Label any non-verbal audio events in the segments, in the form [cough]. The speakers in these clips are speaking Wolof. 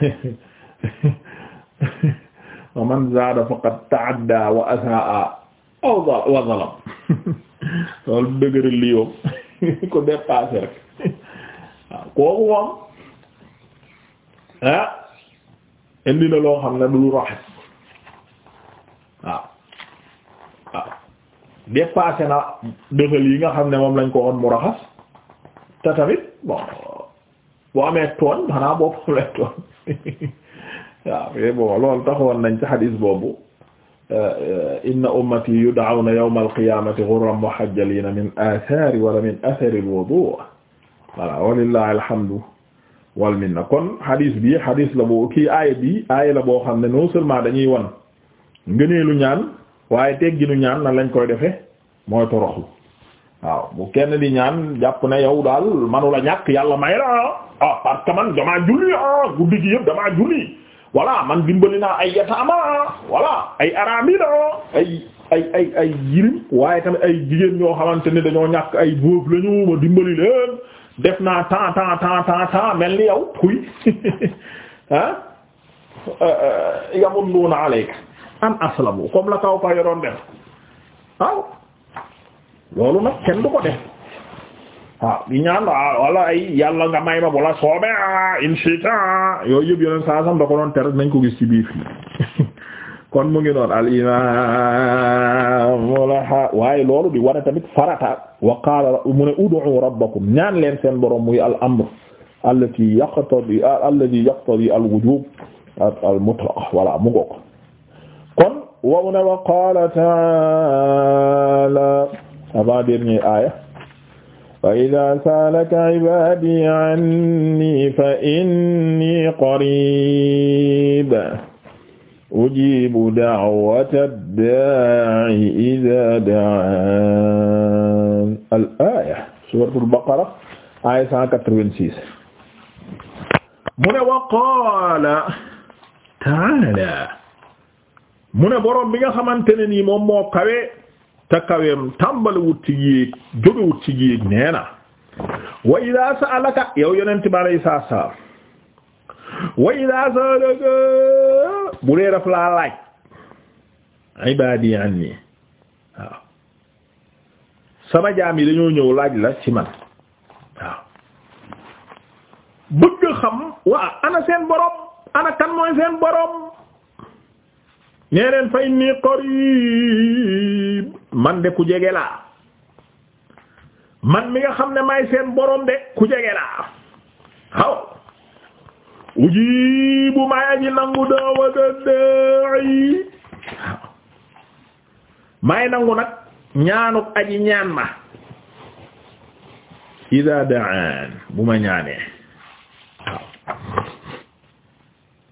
[laughs] wa man zaada faqad ta'adda wa asaa aw wa [laughs] loolu dëgëral li yow [laughs] ko dépassé rek kooku moom ah indi loo xam ne du lu rafet waaw waaw dépassé na dëxal yi nga xam ne moom lañ ko won mu raxas te tamit bon boo amee tooñ xanaa boo problème tooñ [laughs] waaw yooyu boobu loolu taxoon nañ ci xadiis boobu euh, euh, inna ummati yud'awna yawma alqiyamati ghurran muhajjalina min athari wala min athari alwudu voilà walillahi alhamdu wal na kon xadiis bii xadiis la boo kii aaya bi aaya la boo xam ne non seulement dañuy wan ngëneelu ñaan waaye tegginu ñaan nan lañ koy defe mooy toroxlu waaw bu kenn di ñaan jàpp na yow daal manula ñàkk yàlla may la ah parce que man damaa julli ah guddi gi yëpp damaa julli voilà man dimbali naa ay yataama voilà ay araami la ay ay ay ay waaye tamit ay jigéen ñoo xamante ne dañoo ñàkk ay bóof la ñu ma dimbali leen def naa temps temps temps temps temps mel ni yow kuy [laughs] ah yamun nuuna aleyka an aslamu comme la kaw ka yoroon def waaw loolu nag kenn du ko def waaw di ñaan ah ay yàlla nga may ma bu la soobee ah inshita yooyu yëpp yeneen saa sam da ko doon tere gis ci biir [laughs] kon mu ngi noon al imam wala waaye loolu di wara tamit farata wa qaala mu ne ud'u rabbakum ñaan leen seen borom al amr allati yaqtadi al wujub al mu ngoog kon wa mu ne wa qaala ta'ala avant dernier aaya fa ida saalaka ibadi anni fa inni qarib ujibu da'wata daa'i ida da'an al aya suratul baqara aya 186 mu ne wa qaala ta'ala mu ne boroom bi nga xamante ne nii moom moo kawe te kaweem tàmbaliwut ci yéeg jógewut ci yéeg nee na wa sa'alaka yow yonent bi alayhi salaam wa sa'alaka bu dee daf laa laaj ibaadi anni sama jaam yi dañoo ñëw laaj la ci man bëgg xam waa ana seen borom ana kan mooy seen borom nee leen fa inni qarib man de ku jege laa man mi nga xam ne may seen borom de ku jege laa haw ujibu may aji nangu daawata da'i may nangu nag ñaanuk aji ñaan ma ida da'an bu ma ñaanee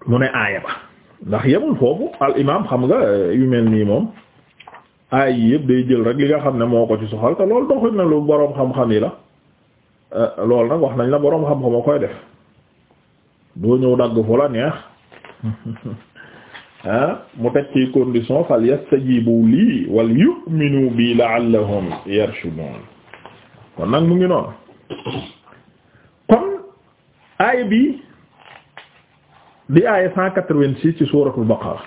mu ne aaya ba ndax yemul foofu al imam xam nga euh, yu mel nii moom ay yëpp day jël rek li nga xam ne moo ko ci soxal te loolu doxul na lu boroom xam-xam yi la euh, loolu nag wax nañ la boroom xam-xam a koy def doo ñëw dagg fu la neex [laughs] ah mu teg ci condition fal yastajibu lii wal yu'minu bi la'allahum yarshudun kon nag mu ngi noonu kon aay bi di aaya cent quatre-vingt-six ci suuratul baqara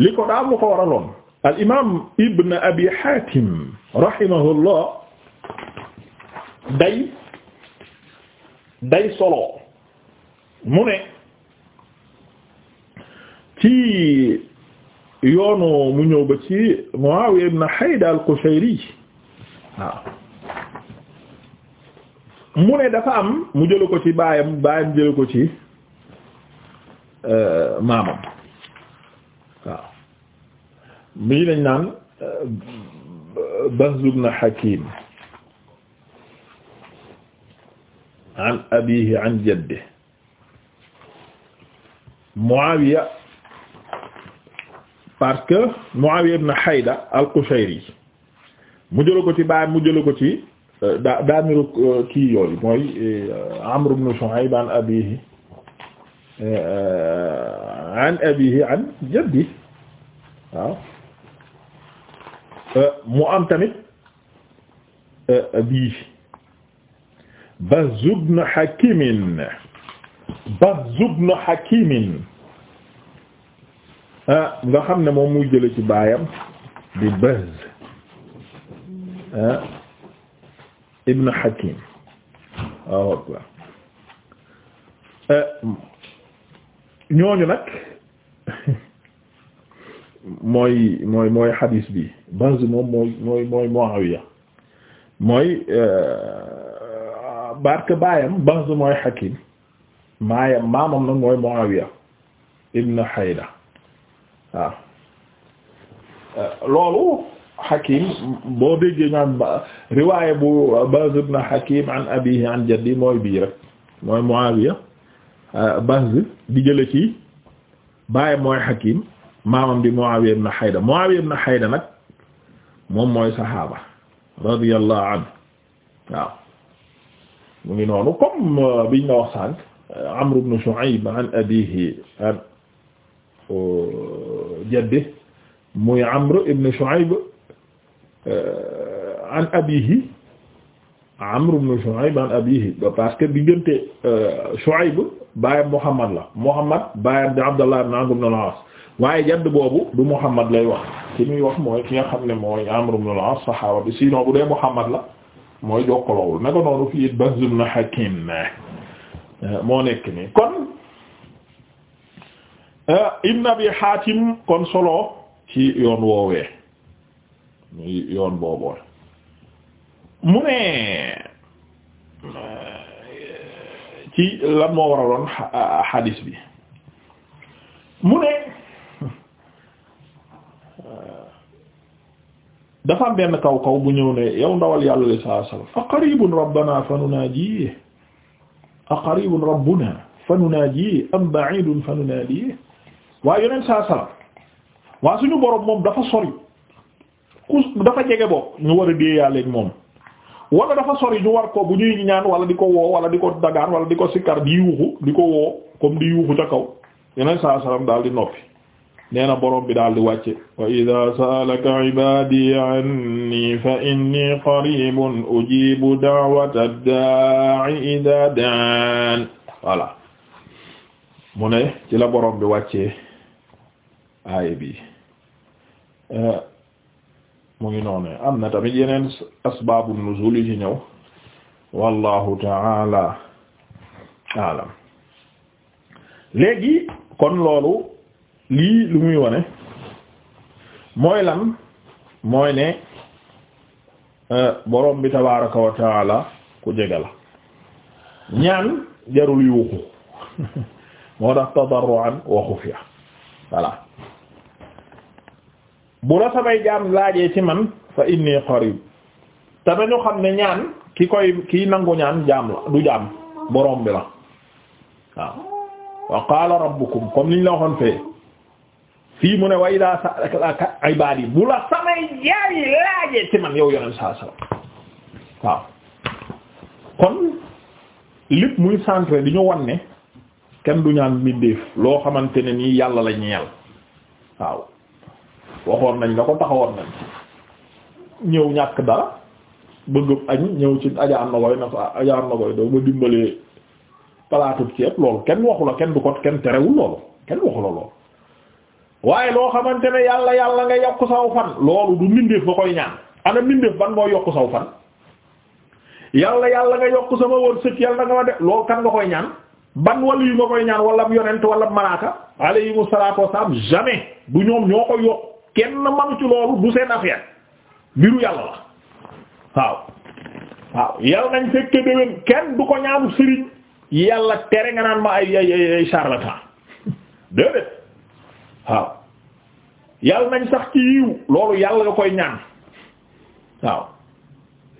li ko daal lu ko waraloon al imaam ibn abi hatim rahimahullah day day solo mu ne ci yoonu mu ñëw ba ci Muawiya ibn Hayda al-Qushayri waaw mu ne dafa am mu jëla ko ci baayam baayam jëla ko ci euh, maamam waaw mii lañ naan euh, Bahz ibn Hakim an abihi an jaddi Muawiya parce que Muawiya ibn Hayda al-Qushayri mu jëla ko ci baayam mu jëla ko ci Euh, daa daa niru euh, kii yooyu mooy euh, Amr ibn Shu'ayb an an abiihi an jaddi waaw mu am tamit bii Bahz ibn Hakim Bahz ibn Hakim ah, nga xam ne moom muy jële ci baayam di Bahz ah. ibn Hakim waaw akbar eh, ñooñu nag [laughs] mooy mooy mooy xadiis bi base moom mooy mooy mooy Muawiya mooy eh, barke baayam base mooy Hakim maayam maamam nag mooy Muawiya ibn Hayda waaw eh, loolu Hakim boo déggee ñaan riwaaya bu Bahz ibn Hakim an abihi an jaddi mooy bii rek mooy Muawiya euh, Bahz di jële ci baayam mooy Hakim maamam di Muawiya ibn Hayda Muawiya ibn Hayda nag moom mooy saxaaba radiyallahu anhu waaw mu ngi noonu comme euh, biñ la wax sànq euh, Amr ibn Shu'ayb an abihi an jaddi muy Amr ibn Shu'ayb Euh, an abihi Amr ibn Shu'ayb an abihi parce que diggante euh, Shu'ayb baayam Muhammad la Muhammad baayam di Abdallah ibn Amr ibn al-As waaye jadd boobu du Muhammad lay wax ki muy wax mooy ki nga xam ne mooy Amr ibn al bu dee Muhammad la mooy jokkaloowul naka noonu fii it Bahz ibn Hakim euh, moo nekk nii kon Ibn Abi Hatim kon solo ci yoon woowee muy yoon booboo mu ne ci lan moo waraloon xadiis bi mu ne dafa am benn kaw kaw bu ñëw ne yow ndawal yàlla li saa sallam a qaribun rabbana fa nunaaji a qaribun rabbuna fa nunaaji am ba'idun fa nunaadi waaye yoneen saa sallam waa suñu boroom moom dafa sori ku dafa jege bopp ñu war a déeyaaleeg moom wala dafa sori ñu war ko bu ñuy ñaan wala di ko woo wala di ko dagaar wala di ko sikkar di yuuxu di ko woo comme di yuuxu ca kaw yeneen saa salaam daal di noppi nee na borom bi daal di wàcce wa ida saalaka ibadi anni mu ne ci la borom bi wàccee aay bi euh, mu ngi noonee am na tamit yeneen asbaabu nuzul yi ci ñëw wallahu taala alam léegi kon loolu lii lu muy wone mooy lan mooy ne euh, borom bi tabaraka wa taala ku jege la ñaan jarul yuuxu [laughs] moo tax tadarruan wa xufiya voilà bu la samay jaam laajee ci man fa inni qarib te nañu xam ne ñaan ki koy kiy nangu ñaan jaam la du jaam borom bi la waaw wa qaala rabbukum comme niñ la waxoon fee fii mu ne wa idaa sa'alaka ibaadi bu la samay jaam yi laajee ci man yow yoneen saa sala waaw kon lépp muy centré di ñu wan ne kenn du ñaan mbindeef loo xamante ne nii yàlla la ñeel waaw waxoon nañ la ko taxawoon nañ ñëw ñàkk dara bëgg añ ñëw ci ajaar na koy na ko ajaar ah, na koy doo dimbalee palaatub ceeb loolu kenn waxu la kenn du ko kenn terewul loolu kenn waxu la loolu waaye loo xamante ne yàlla yàlla nga yokk saw fan loolu du mbindeef yokk saw fan yàlla yàlla nga yokk sama wërsëg yàlla nga ma def loolu kan nga koy ñaan ban wàllu yu nga koy ñaan wala yonent wala malaaka alayhimu salaatu wasalaam jamais du ñoom ñoo koy yokk kenn manu ci loolu du seen affaire mbiru yàlla la waaw waaw yàlla nañ fekke déwén kenn du ko ñaanu sëriñ yàlla tere nga naan ma ay ay ay charlatan [laughs] déedéet waaw yàlla nañ sax ci yiw loolu yàlla nga koy ñaan waaw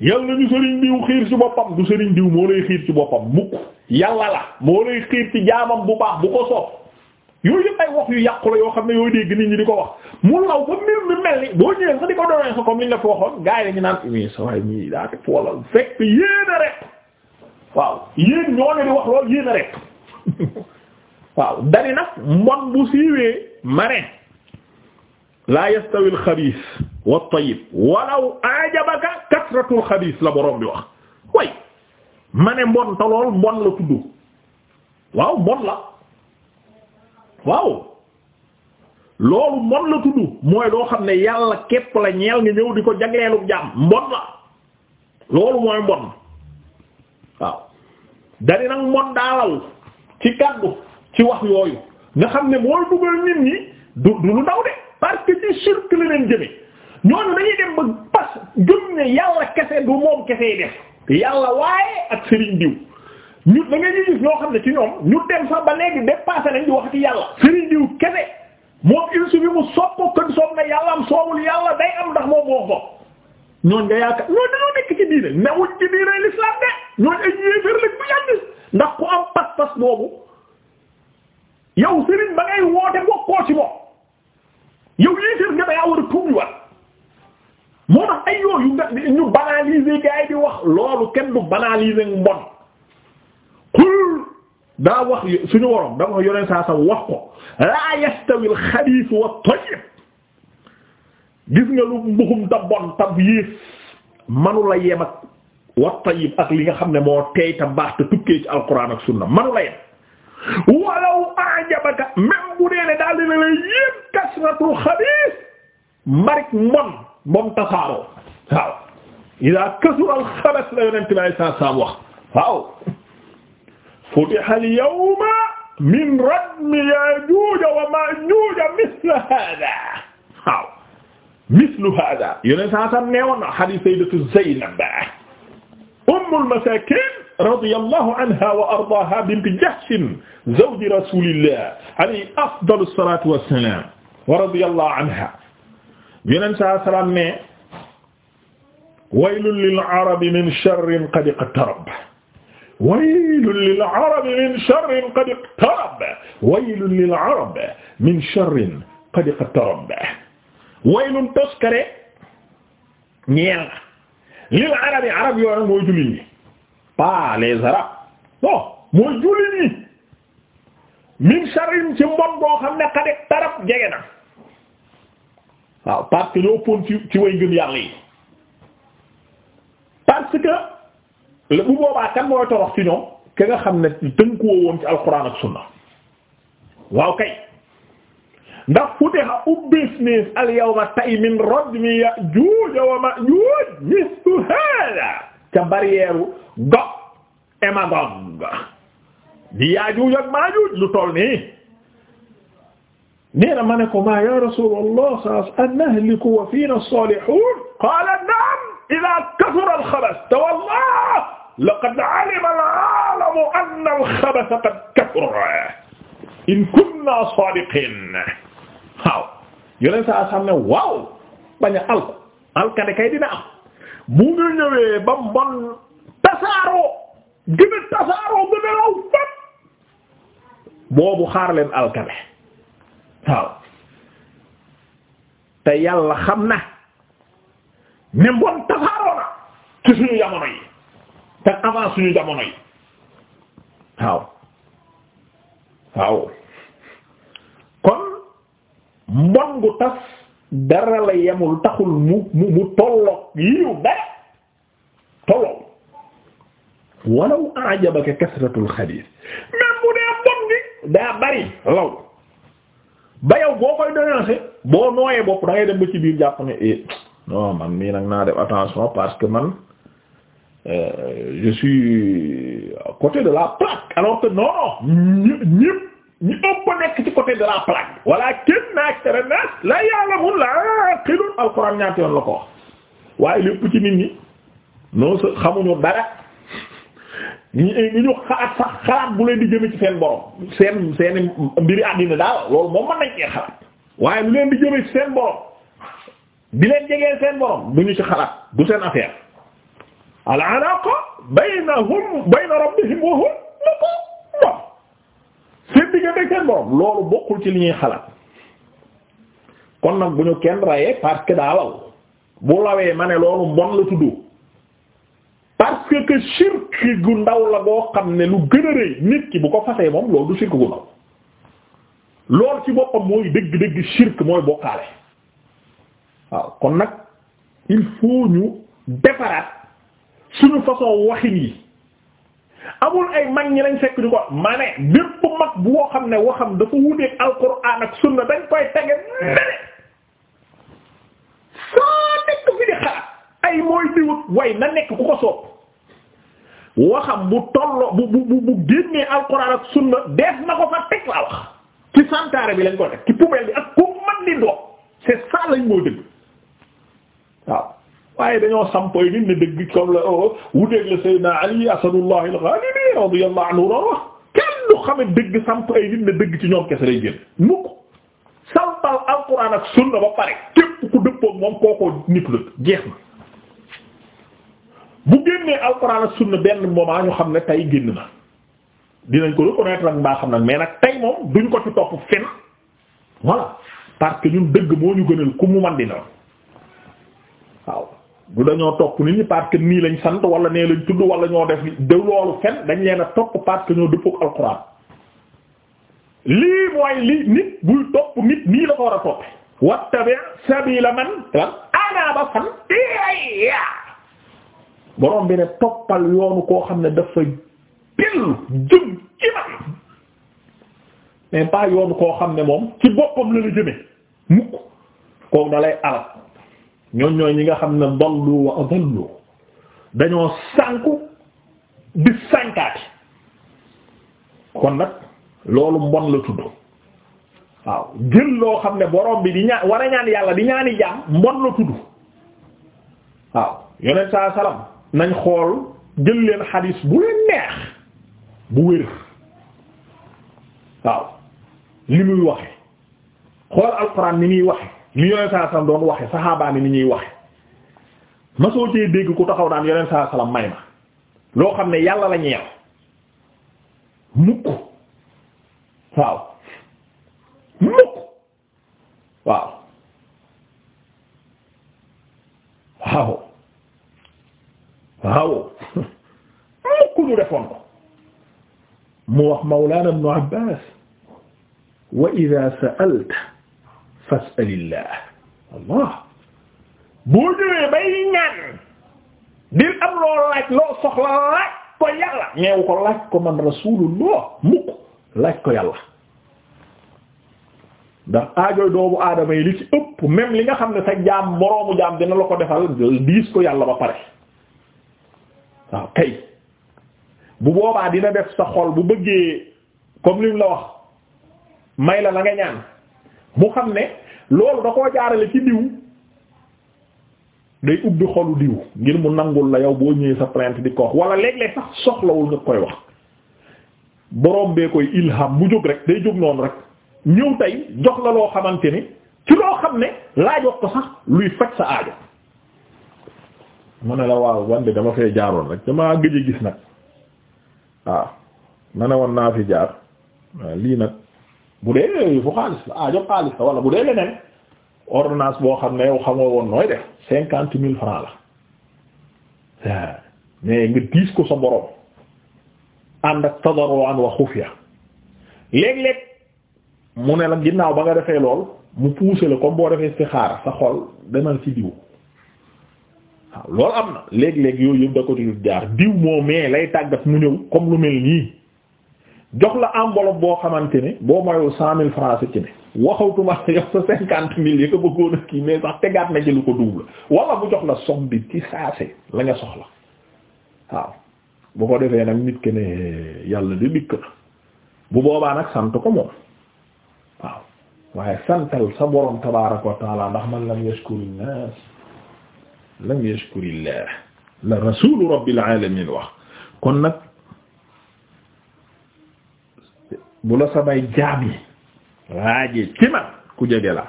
yàlla nañu sëriñ diw xiir ci boppam du sëriñ diw moo lay xiir ci boppam mukk yàlla la moo lay xiir ci jaamam bu baax bu ko sopp yooyu yëpp ay wax yu yàqu yoo xam ne yooyu dégg nit ñi di ko wax mu law ba mbir mi mel ni boo ñëwee sax di ko doonee sa comme li la fi waxoon gars yi dañu naan mais sa waay ñii daa def wala fekk yéen a rek waaw yéen ñoo ne di wax lool yéen a rek [laughs] waaw dani mbon bu siiwee mare laa yastawi alxabiis wa tayyib la borom bi wax way ma ne lool mbon la tudd waaw mbon la waaw loolu mbon la tudd mooy loo xam ne yàlla képp la ñeel nga ñëw di ko jagleelu jaam mbon la loolu mooy mbon waaw dari nag mbon daalaw ci kaddu ci wax yooyu nga xam ne mooy dugal nit ñi du du lu ndaw de parce que ci shirk la leen jëme ñooñu dañuy dem ba pas gëm ne yàlla kese du moom kese def yàlla waaye ak sëriñ diw ñu da nga ñuy gis ñoo xam ñu dem sax ba léegi dépassé nañ di wax ci yàlla sëriñ diw kese moom il suffit mu sopp kën sopp na yàlla am soowul yàlla day am ndax moom moo ko ñooñ nga yaakaar ñooñ dañoo nekk ci diine newuñ ci diine de ñooñ ay yéeféer lañ bu yàgg ndax ku am pas-pas boobu yow sëriñ ba ngay woote bokkoo ci moom yow yéeféer nga dayaa war a tuub yu wat moo tax ay yooyu nga ñu banaliser gars yi di wax loolu kenn du banaliser mbon qul daa wax suñu worom da wax yoneen saa sa wax ko laa yastawi al xabiis wa tayyib gis nga lu mbuxum ta bon yiis manu la yem ak wa tayyib ak li nga xam ne moo teey ta baax te tukkee ci alquran ak sunna manu la yem walaw ajabaka même bu dee ne daal dina la yéem kasratul xabiis mbarik mbon moom tasaaroo waaw ila kasura al la yonent bi sallallahu alayhi wax waaw futiha al yawma min radmi yajuuj wa majuuj mislu hada waaw mislu hada yoneen saa sam neewoon na hadith sayyidatu Zaynab ummul masaakin radiyallahu anha wa ardaaha bint Jahshin zawji rasulillah alayhi afdalu salaatu wa salaam wa radiyallahu anha yoneen saa salaam ne waylun lil arabi min sharrin qad iqtarab waylun lil arabi min sharrin qad iqtarab waylun lil arabi min sharrin qad iqtarab waylun toskare ñeel lil arabi arab yoo nag mooy jullit ñi pas les arabes non min sharrin ci mbon boo xam ne qad iqtarab jege na waaw parce que ñoo bu boobaa kan mooy torox ci ñoom ki nga xam ne tënkuwoo woon ci alquran ak sunna waaw kay ndax futiha ubbees nees al yawma tay min radmi ya'juj wa ma'juj mislu hada ca barrière Gog et Magog di yaajuj ak maajuj lu toll nii nee na ma ne ko ma ya rasulullah sa anahliku wa fiina salihun qala na'am idha kathura al khabas tawallah laqad alima al-aalamu anna al-xabasa qad in kunna saadiqiin waaw yeneen saa sax ne waaw bañ a alko alkane bu nga ñëwee ba mbon tasaaroo gën a tasaaroo boobu xaar leen alkane waaw te yàlla xam na ne mbon na ci suñu te avant suñu jamono yi waaw waaw kon mbon gu tas dara la yemul taxul mu mu mu tolloog yiw dara tolloog walaw ajabaka kasratul xadiis même bu dee mbon gi daa bari law ba yow boo koy dénoncé boo nooyee bopp da ngay dem ba ci biir jàpp ne eh non man mii nag naa def attention parce que man Euh, je suis côté de la plaque alors que non non ñëpp ñu ëpp nekk ci côté de la plaque wala kenn akthara nas la ya'lamun la aqilun alxuraan ñaata yoon la ko wax waaye lépp ci nit ñi non sa xamuñu dara ñu ñu xalaat sax xalaat bu leen di jëme ci seen borom seen seen mbiri àddina daal loolu moom mën nañ cee xalaat waaye lu leen di jëme ci seen borom di leen jegee seen borom du ñu ci xalaat du seen affaire al alaqa baynahum bayna rabbihim wa hum waaw seen diggante seen borom loolu bokkul ci li ñuy xalaat kon nag bu ñu kenn rayee parce que daa bu lawee ma ne loolu mbon la tudd parce que shirk gu ndaw la boo xam ne lu gën a rëy nit ki bu ko fasee moom loolu du shirk gu ndaw loolu ci boppam mooy dëgg-dëgg shirk mooy bokkaale waaw kon nag il faut ñu defaraat. suñu façon waxin yi amul ay mag ñi lañ fekk di ko ma ne bépp mag boo xam ne waxam dafa wuteeg alquran ak sunna dañ koy tege mene saa nekk fi di xalaat ay mooy diwut way na nekk ku ko soob waxam bu tollo bu bu bu génnee alquran ak sunna def na ko fa teg laa wax ci santaare bi lañ ko rek ci poubelle bi ak ku man di doom c'est ça lañ mooy dëgg waaw waaye dañoo sampoy nit ne dëgg comme la wuteeg la Seydina Ali asadullah al-Ghalib anhu doon wax kenn xame dëgg samp ay nit ne dëgg ci ñoom kese lay génn mukk sampal alquran ak sunna ba pare képp ku dëppoog moom kookoo nit la jeex na bu génnee alquran ak sunna benn moment ñu xam ne tey génn na dinañ ko reconnaître nag mbaa xam nag mais nag tey moom duñ ko ci topp fen voilà parce que ñun dëgg moo ñu gënal ku mu man di na du dañoo topp nit ñi parce que nii lañ sant wala nee lañ tudd wala ñoo def de loolu fen dañ leen a topp parce que ñoo dëppoo ak alxuraan lii mooy li nit buy topp nit nii la ko war a toppe wattabi sabila man lan anaaba fan borom bi ne toppal yoonu koo xam ne dafa dellu jëm ci man mais pas yoonu koo xam ne moom ci boppam la la jëme mukk kooku da alal ñoon ñooy ñi nga xam ne dallu wa adallu dañoo sànku di sànkaati kon nag loolu mbon la tudd waaw jël loo xam ne borom bi di ñaan war a ñaan yàlla di ñaani jaam mbon la tudd waaw yonent saa salaam nañ xool jël leen xadis bu leen neex bu wér waaw li muy waxe xool alxuraan ni muy waxe ni yoneen saa salaam doon waxe saxaabaa ni ñuy waxe ma soo cee dégg ku taxaw naan yoneen saa salaam may ma loo xam ne yàlla la ñeel mukk waaw mukk waaw waaw waaw [laughs] mukk ñu defoon ko mu wax mawlaana ibnu Abbaas wa idaa sa'alta fasalillah allah boo ñëwee bay ñaan di am loo laaj loo soxla laaj ko yàlla ñeew ko laaj ko man rasulullah mukk laaj ko yàlla ndax aajooy doomu aadama yi li ci ëpp même li nga xam ne sa jaam moroomu jaam dina la ko defal diis ko yàlla ba pare waaw kay bu boobaa dina def sa xol bu bëggee comme lim la wax may la la ñaan bu xam ne loolu da koo jaarale ci diw day ubbi xolu diw ngir mu nangul la yow boo ñëwee sa plainte di ko wax wala léeg-léeg sax soxlawul nga koy wax boroom bee koy ilham mu jóg rek day jóg noonu rek ñëw tey jox la loo xamante ni ci loo xam ne laa jox ko sax luy faj sa aajo mu la waaw wande dama fee jaaroon rek damaa gëj gis nag waaw ma ne woon naa fi jaar waaw lii nag bu dee fu xaalis la aajo xaalis la wala bu dee leneen ordonnance boo xam ne yow xamoo woon nooy def cinquante mille francs la mais nga diis ko sa borom ànd ak tadarruan wa xufya léeg-léeg mu ne la ginnaaw ba nga defee lool mu pousser la comme boo defee istixaara sa xol demal ci diw waaw loolu am na léeg-léeg yooyu yëpp da ko di jaar diw moo mais lay tàggat mu ñëw comme lu mel nii jox la enveloppe boo xamante ne boo mayul cent mille francs ci ne waxatuma [laughs] yow sa cinquante mille yi nga bëggoon a kii mais sax tegaat na ci lu ko double wala bu jox la somme bi ci saase la nga soxla waaw bu ko defee nag nit ki ne eh, yàlla de dikk bu boobaa nag sant ko moom waaw waaye santal sa borom tabaaraka wa taala ndax man lam yashkuri nnaas lam yashkuri llah la rasulu rabbil alamin wax kon nag bu la samay jaam yi raajee ci man ku jege la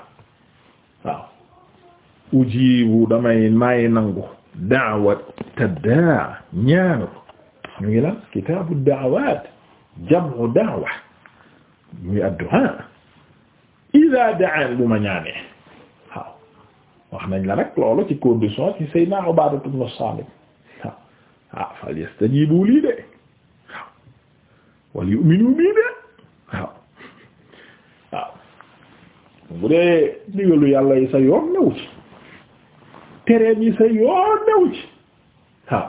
waaw ujibu damay maay nangu da'wat te daa ñaanu ñu ngi la kitaabu da'waat jam'u da'wa muy addu'a idaa da'an bu ma ñaanee wax nañ la rek loolu ci condition ci Seydina Ubaadatu ibn Saamit waaw ah fal yastajibu lii de wal yu'minu bii de bu dee digalu yàlla yi sa yoon newu ci tereem yi sa yoon newu ci waaw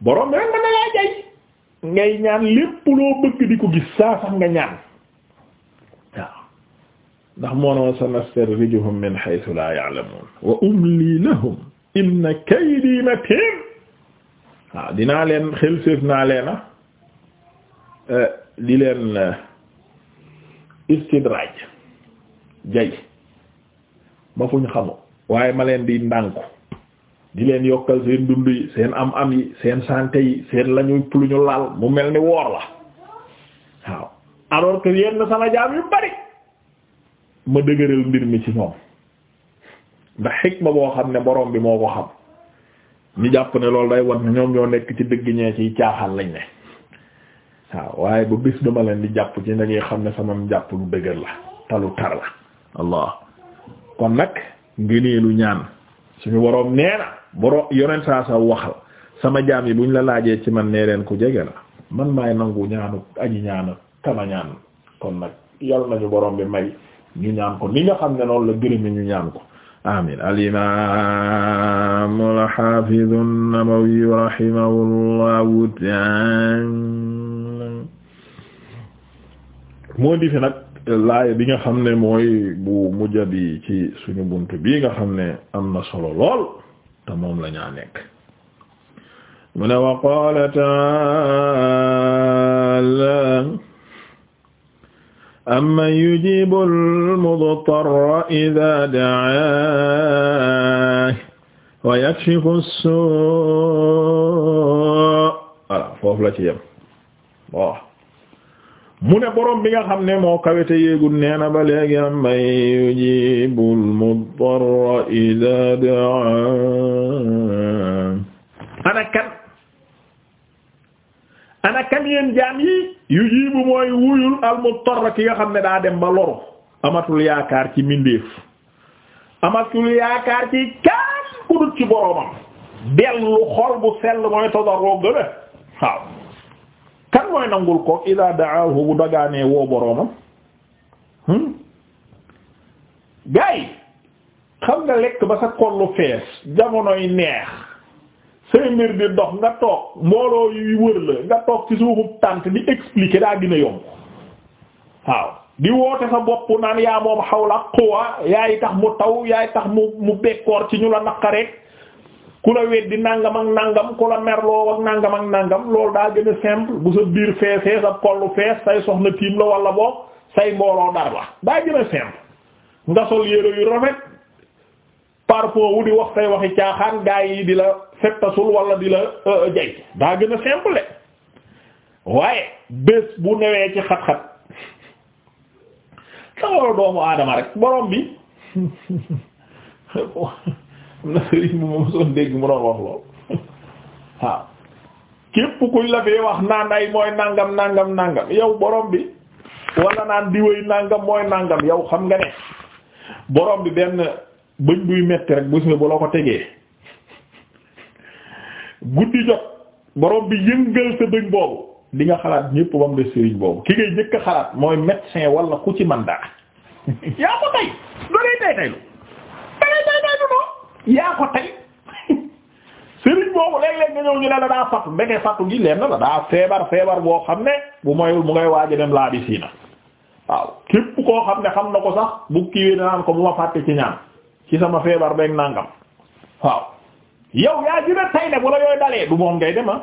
borom bi rek mën na laa jay ngay ñaan lépp loo bëgg di ko gis saa sax nga ñaan waaw ndax moono sanastarwijuhum min haythu la ya'lamun wa umli lahum waaw dinaa leen xel séef naa leena ah. eh, di leen eh, istidraj jay ba fu ñu waaye ma leen di ndànku di leen yokkal seen dund yi seen am am yi seen santé yi seen lañuy lu laal mu mel ni woor la waaw alors que yenn sama jaam yu bari ma dëgëral mbir mi ci moom ndax xikma boo xam ne borom bi moo ko xam ñu jàpp ne loolu day wan ne ñoom ñoo nekk ci dëgg ñee ciy caaxaan lañ ne waaw waaye bu bis ma leen di jàpp ci dañuy xam ne sama jàpp lu dëgër la talu tar la allah kon nag ngëneelu ñaan suñu boroom nee na boro yonent saa waxal sama jaam yi buñ la laajee ci man nee leen ku jege la man maay nangu ñaanu aji ñaanu kama ñaan kon nag yal nañu borom bi may ñu ñaan ko ni nga xam ne noonu la gërëmi ñu ñaan ko amin al imam al hafiz an-Nawawi rahimahullahu ta'ala moo di nag laaya bi nga xam ne mooy bu mujj bi ci sunu bunt bii nga xam ne am na solo lool te moom la ñaa nekk mu ne wa qaala ta'ala amman yujibu al-mudtarra idha da'aahu wa yakshifu as-suu'a voilà foofu la ci yem mu ne borom bi nga xam ne moo kawete yéegul nee na ba léegi am may yujibul mudarra idaa daa ana kan ana kan yéen jaam yi yujibu mooy wuyul al ki nga xam ne daa dem ba loru amatul yaakaar ci mindeef amatul yaakaar ci kan ku dul ci boromam dellu xol bu sell mooy tadaroo gële waaw kan mooy nangul ko ila da'ahu bu dagaanee woo boroomam hmm? gaa yi xam nga lekk ba sa kollu fees jamonoy neex say mbir di dox nga toog mbooloo yu wër la nga toog ci suufu tànt di expliquer daa gën a yomb waaw di woote sa bopp naan yaa moom xawla quwa yaay tax mu taw yaay tax mu mu bekkoor ci ñu la naqareek ku la weddi nangam ak nangam ku la merloo ak nangam ak nangam loolu daa gën a simple bu sa biir feesee sa kollu fees say soxna tiim la wala boog say mbooloo dar la daa gën a simple nga sol yére yu rafet parfois wu di wax say waxi caaxaan gaa yi di la fettasul wala di la euh, euh, jay daa gën a simple waaye bés bu newee ci xat-xat taxawal [laughs] doomu aadama rek borom bi [laughs] am na sëriñ bu ma mosoon dégg mu doon wax lool waaw képp kuñ la fee wax naan ay mooy nangam nangam nangam yow borom bi wala naan diwéy nangam mooy nangam yaw xam nga ne borom bi benn bëñ buy metti rek bu si bu la ko tegee guddi jot borom bi yëngal sa bëñ boobu di nga xalaat ñépp ba mu sëriñ boobu ki ngay njëkk xalaat mooy médecin wala ku ci man yaa ko tey doo lay tey yaa ko tey sëriñ boobu léeg-léeg nga ñëw ñu ne la daa fattu ndeke fattu gi leen la daa feebar feebar boo xam ne bu moyul mu ngay waaja dem laa di siina waaw képp koo xam ne xam na ko sax bu kiiwee naan ko bu ma fàtte ci ñaan ci sama feebar beeg nangam waaw yow yaa gën a tay ne bu la yooyu dalee du moom ngay dem ah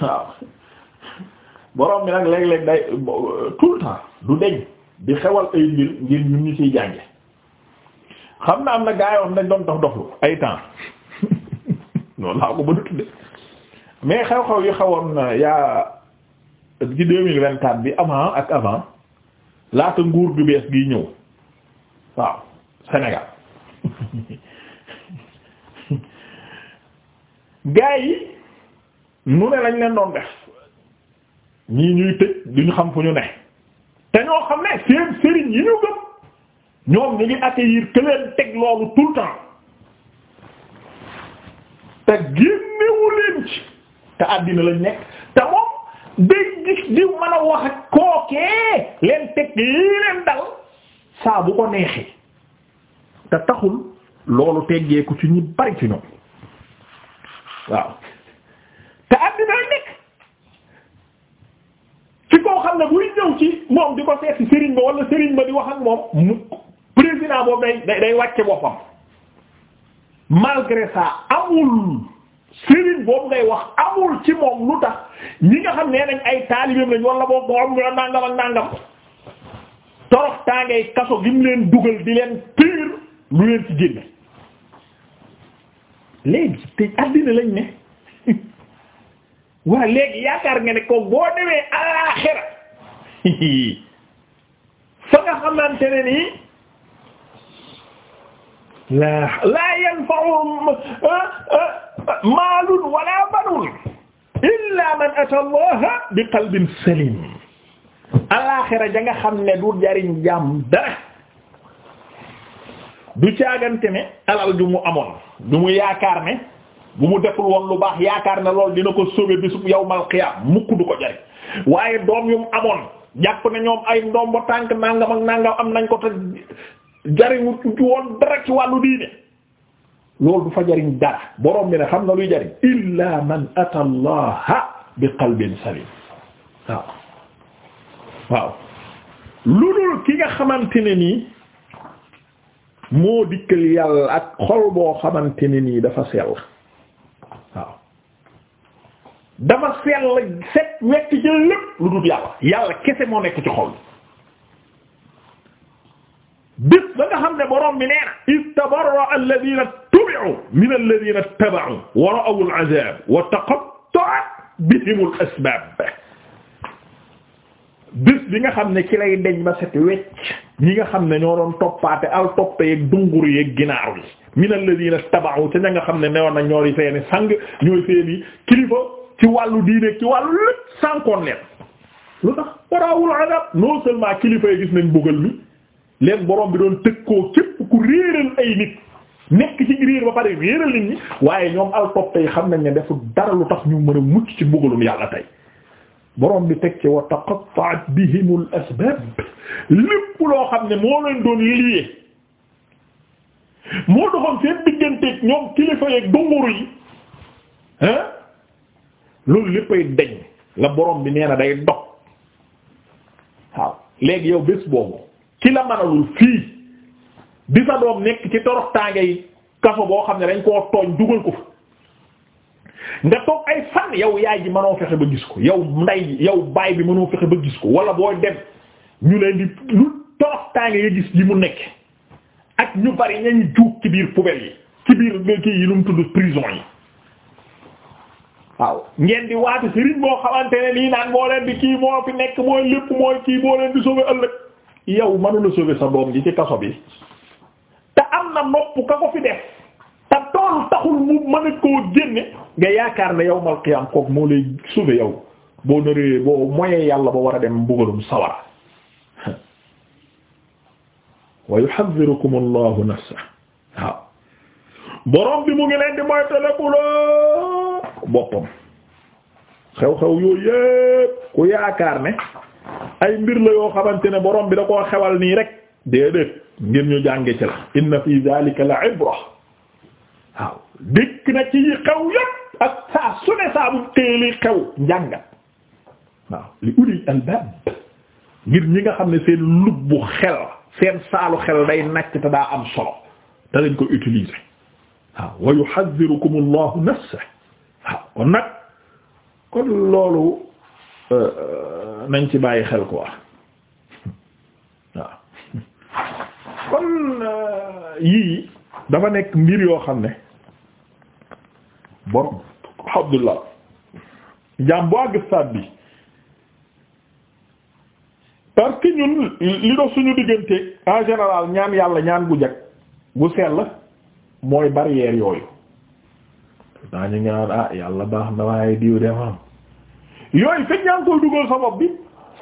waaw borom bi nag léeg-léeg day tout le temps du deñ di xewal ay mbir ngir ñun ñu ciy jànge xam na am na gaa dañ doon dox doxlu ay temps [laughs] noonu laa ko bëgg tudde mais xew-xew yi xawoon euh, yaa ci deux mille vingt quatre bi avant ak avant laata nguur gu bees gi ñëw waaw Sénégal [laughs] gaa yi nu ne lañ leen doon def ñii ñuy tëj duñu xam fu ñu ne te ñoo xam ne seen yi ñu gëm ñoom ñu ngi accueillir que leen teg loolu tout le te génnewu leen ci te àddina lañ nekk te moom day gis di mën a wax ak kookee leen teg yii leen dal saa bu ko neexee te taxul loolu teggeeku ci ñu bari ci ñoom waaw te àddina lañ nekk ci koo xam ne buy ñëw ci moom di ko seeti sëriñ ba wala sëriñ ba di wax ak moom mukk président boobu day day wàcce boppam malgré ça amul sëriñ boobu ngay wax amul ci moom lu tax ñi nga xam nee nañ ay taalibeem lañ wala boobu moo am ñoo nàngam ak nàngam torox tàngay kaso gi mu leen dugal di leen piir lu leen ci génne léegi te àddina lañ ne [laughs] waa léegi yaakaar nga ne ko boo demee alaaxira [laughs] fa nga xamante ne nii la laa yanfa'uhum ah, ah, maalun wala banuun illaa man ata allaha bi qalbin salim alaaxira ja xam ne du jariñ jàmm dara du caagante ne alal du mu amoon du mu yaakaar ne bu mu deful woon lu baax yaakaar ne lool dina ko sauver bisu yawmal qiyaam mukk du ko jariñ waaye doom yu amoon jàpp ne ñoom ay ndombo tànk nangam ak nangam am nañ ko te jariñu ci woon dara ci wàllu diine loolu du fa jariñ dara borom bi ne xam na luy jariñ illa man ata allaha bi qalbin salim waaw waaw lu dul ki nga xamante ne nii moo dikkal yàlla ak xol boo xamante nii dafa sell waaw dafa sell set wekk ci lépp lu dul yàlla yàlla kese moo nekk ci xol bis ba nga xam ne borom bi nee na istabarra alladina tubi'u min alladina taba'u wa ra'aw al'azab wa taqatta'at bihim al bis bi nga xam ne ci lay deñ ba set wecc ñi nga xam ne ñoo doon toppaate al toppe yeeg dunguru yeeg ginaaru yi min alladina taba'u ca ña nga xam ne newoon na ñoori seeni sang ñooy seeni kilifa ci wàllu diine ci wàllu lépp sànkoon leen lu tax wa ra'aw al'azab non seulement kilifa yi gis nañ bugal mi leen borom bi doon tëkkoo képp ku réeral ay nit nekk ci réer ba pare réeral nit ñi waaye ñoom al topp xam nañ ne defu dara lu tax ñu mën a mucc ci mbugalum yàlla tey borom bi teg ci wa taqatta'at bihimul asbab lépp loo xam ne moo leen doon lié moo doxoon seen digganteeg ñoom kilifa yeeg dunguru yi loolu léppay deñ la borom bi nee na day dog waaw léegi yow bés boobu ki la manalul fii di sa doom nekk ci torox tànge yi kaso boo xam ne dañ koo tooñ dugal ko fa nga toog ay fan yow yaay ji mënoo fexe ba gis ko yow nday ji yow baay bi mënoo fexe ba gis ko wala booy dem ñu leen di lu torox tànge yi gis li mu nekk ak ñu bari ñañ juug ci biir poubelle yi ci biir kii yi lu mu tudd prison yi waaw ngeen di waatu sëriñ boo xamante ne nii naan moo leen di kii moo fi nekk mooy lépp mooy kii moo leen di sauver ëllëg yow mënula sauver sa doom ji ci kaso bi am na nopp ka ko fi def te tool taxul mu mën a koo génne nga yaakaar ne yawmal qiyaam kook moo lay sauver yow boo naree boo moyee yàlla ba war a dem mbugalum sawara wa yuhadhirukum allahu borom bi mu ngi leen di moytalekuloo boppam xew-xew yooyu yépp ku yaakaar ne ay mbir la yoo xamante ne borom bi da koo xewal nii rek déedéet ngir ñu jànge ci la inna fi dhalika la ibra waaw dikk na ci yi xew yépp ak saa su ne saa bu téeli xew njàngat waaw li ulil albab ngir ñi nga xam ne seen lubbu xel seen saalu xel day nàcc te daa am solo te dañ ko utiliser waaw wa yuhadhirukum allahu nafsahu loolu euh, nañ ci bàyyi xel ko waaw kon euh, yii dafa nekk mbir yoo xam ne bon alhamdulillah jaam boo àgg saat bi parce que ñun li dox suñu diggante en général ñaan yàlla ñaan gu jag gu sell mooy barrière yooyu daa ñu ñaan ah yàlla baax na waaye diw de yooyu fekk ñaa ngi koy sa bopp bi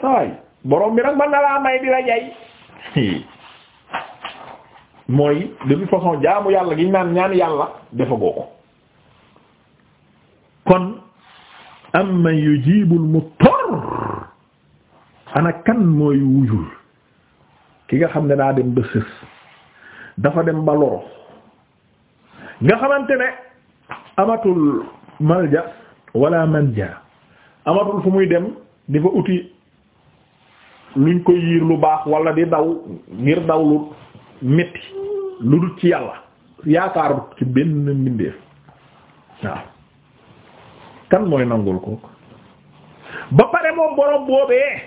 saay borom bi nag mën na may di la jay [laughs] mooy de toute façon jaamu yàlla gi naan ñaan yàlla defagoo ko kon amman yujibul muttar ana kan mooy wujul ki nga xam ne daa dem ba dafa dem ba loro nga xamante ne amatul malja wala manja amatul fu muy dem di fa uti luñ ko yiir lu baax wala di daw ngir daw lu metti lu dul ci yàlla yaakaarut ci benn mbindeef waaw kan mooy nangul kooku ba pare moom borom boobee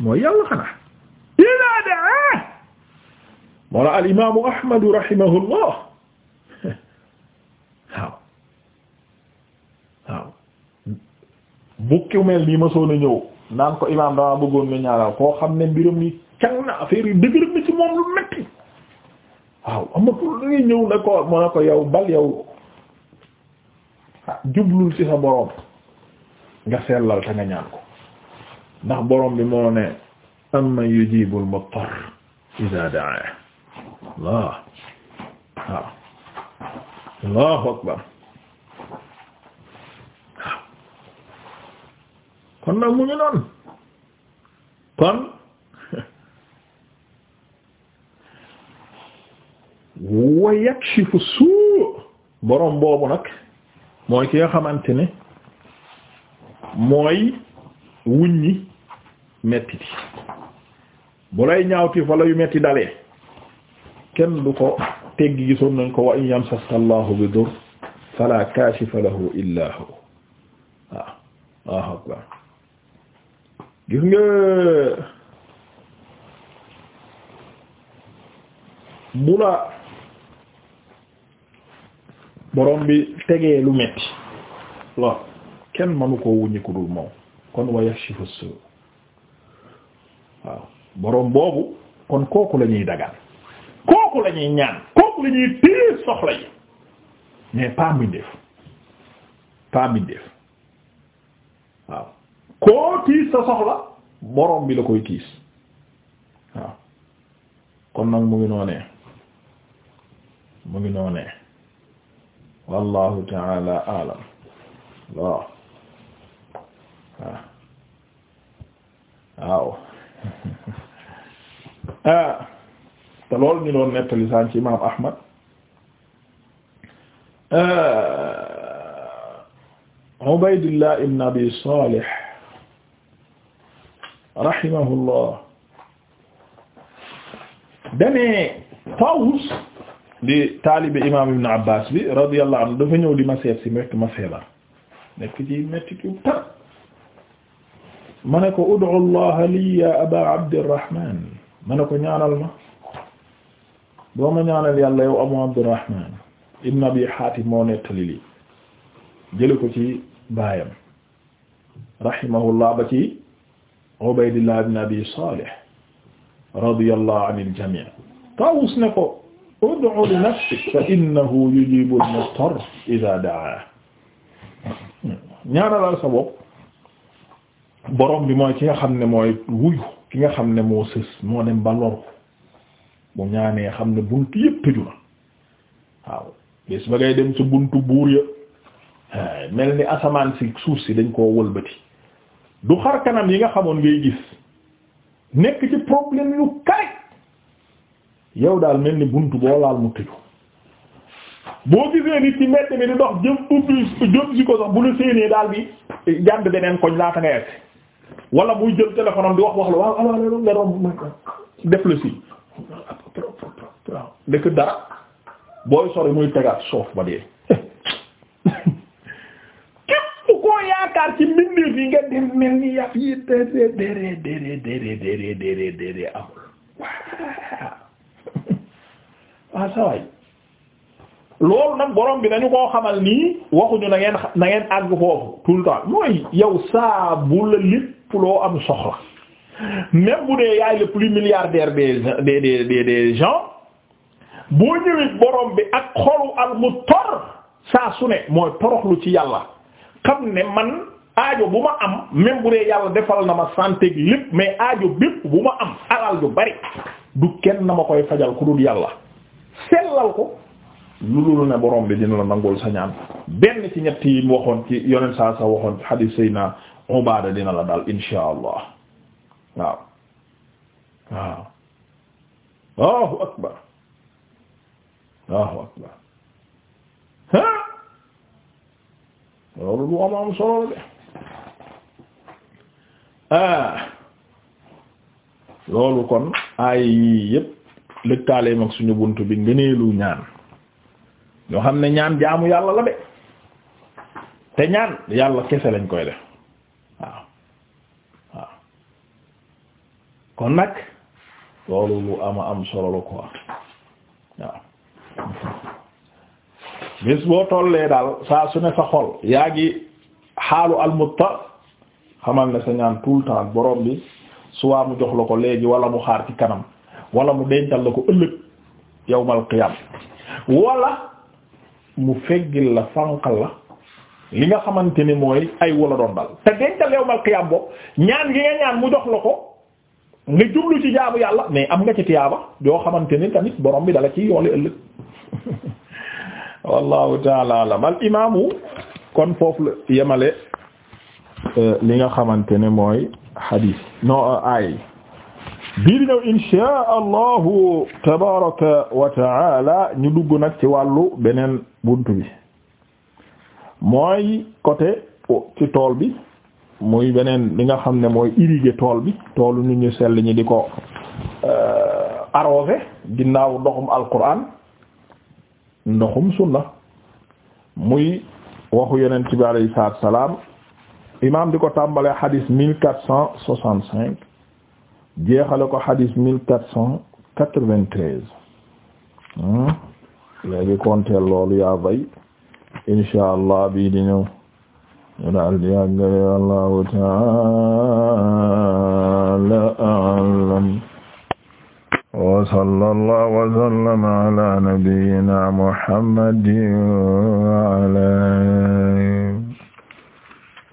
mooy yàlla xanaa ila daa ah! moo la al imaamu ahmadu rahimahullah bukki mel nii ma soon a ñëw naan ko imaam dama bëggoon nga ñaanal koo xam ne mbiram yi càng na affaire yi dëgërëm na ci moom lu metti waaw amatul dangay ñëw ne ko ne ko yow bal yow ah jublul ci sa borom nga sellal te nga ñaan ko ndax borom bi moo ne amma yujibul muttar iza da'a Allah waaw Allahu akbar kon nag mu ngi noonu kon wa yakshifu suu borom boobu nag mooy ki nga xamante ne mooy wuññi mettiti bu lay ñaawti fa la yu metti dalee kenn du ko teggi gisoon nañ ko wa in yamsaska allahu bi dur fala kashifa lahu illa hu waaw waaw gis nga bu la borom bi tegee lu metti la kenn manu koo wuññi ku moom kon wa yakshifu waaw borom boobu kon kooku la ñuy dagaan kooku la ñuy ñaan kooku la ñuy soxla yi mais pas mbindeef pas mbindeef waaw koo tiis sa soxla borom bi la koy tiis waaw kon mu ngi mu ngi noonee wallahu taala alam waaw waaw [laughs] ah. te loolu ñu doon nettali ci imaam Ahmad ah. Ubaydillah ibn Abi Salih rahimahullah dane Tawus di taalibe imam ibn Abbas bi radiyallahu anhu dafa ñëw di ma si rekk ma nekk ci metti ci tar ko ud'u Allah li ya aba Abdirrahman ma ko ñaanal ma boo ma ñaanal yàlla yow abu Abdirrahman ibn Abi Hatim moo nettali li jële ko ci baayam rahimahullah ba ci Ubaydillah ibn Abi Salih radiyallahu anil jami' Taawus ne ko ud'u li nafsik fa innahu yujibul mudtarra idha da'aa ñaanalal sa bopp borom bi mooy ki nga xam ne mooy wuyu ki nga xam ne moo sës moo dem ba lor bu ñaanee xam ne bunt yëpp tëju na waaw bis ba ngay dem sa buntu buur ya mel ni asamaan si suuf si dañ koo wëlbati du xar kanam yi nga xamoon ngay gis nekk ci problème yu kare yow daal mel ni bunt boo laal mu tëju boo gisee nit ci mbedd mi di dox jëm ubbi jëm si ko sax bu la séenee daal bi jànd beneen koñ laata nga yegg wala muy jël téléphone am di wax wax la waaw waaw loolu nga doon def la si waaw dara booy sori muy tegaat soof ba dee. yaakaar ci mbindeef yi nga loolu nag borom bi dañu koo xamal nii waxuñu na ngeen na ngeen àgg foofu tout le temps mooy yow saa bu la lépp loo am soxla même bu dee yaay le plus milliardaire des des boo ñëwee borom bi ak xolu al mu tor saa su ne mooy toroxlu ci yàlla xam ne man aajo bu ma am même bu dee yàlla defal na ma santé gi lépp mais aajo bépp bu ma am alal ju bari du kenn na ma koy fajal ku dul yàlla sellal ko lu dul ne borom bi dina la nangul sa ñaan benn ci ñett yi waxoon ci yonent saa sa waxoon ci hadith sayna Ubaada dina la daal insha allah waaw waaw Allahu akbar Allahu akbar ha loolu lu am am solo de Ah. loolu kon ay yii yépp lëkkaaleem ak suñu bunt bi ngëneelu ñaan ñoo xam ne ñaan jaamu yàlla la de te ñaan yàlla kese lañ koy def waaw waaw kon nag loolu lu ama am solo la quoi waaw bis boo tollee daal saa su ne sa xol yaa ngi xaalu al xamal na sa ñaan tout le temps boroom bi soit mu jox la ko léegi wala mu xaar ci kanam wala mu dencal la ko ëllëg yawmal qiyam wala mu feggil la fanqal la li nga xamante ni mooy ay wala doon dal te dencal yawmal qiyam boobu ñaan gi nga ñaan mu jox la ko nga jublu ci jaamu yàlla mais am nga ci tiyaaba yoo xamante ni tamit borom bi dala ci yoole ëllëg [laughs] wallahu taala alam kon foofu la yemale Euh, li nga xamante ne mooy hadith non euh, ay bii di ñëw inshaa allahu tabaraka wa ñu dugg nag ci wàllu beneen bunt bi mooy côté ci tool bi muy beneen li nga xam ne mooy irriguer tool bi toolu nit ñu sell ñi di ko euh, arrosé ginnaaw ndoxum alquran ndoxum sunna muy waxu yeneen bi alayhi salaatu salaam imaam di ko tàmbalee xadis mille quatre cent soixante cinq jeexale ko xadis mille quatre cent quatre vingt treize hmm? léegi konteel loolu yaa bay insha allah bii di ñëw ñu daal di àggale wallahu ta'ala a'lam wa sallallahu wa sallama ala nabiyyina muhammadin wa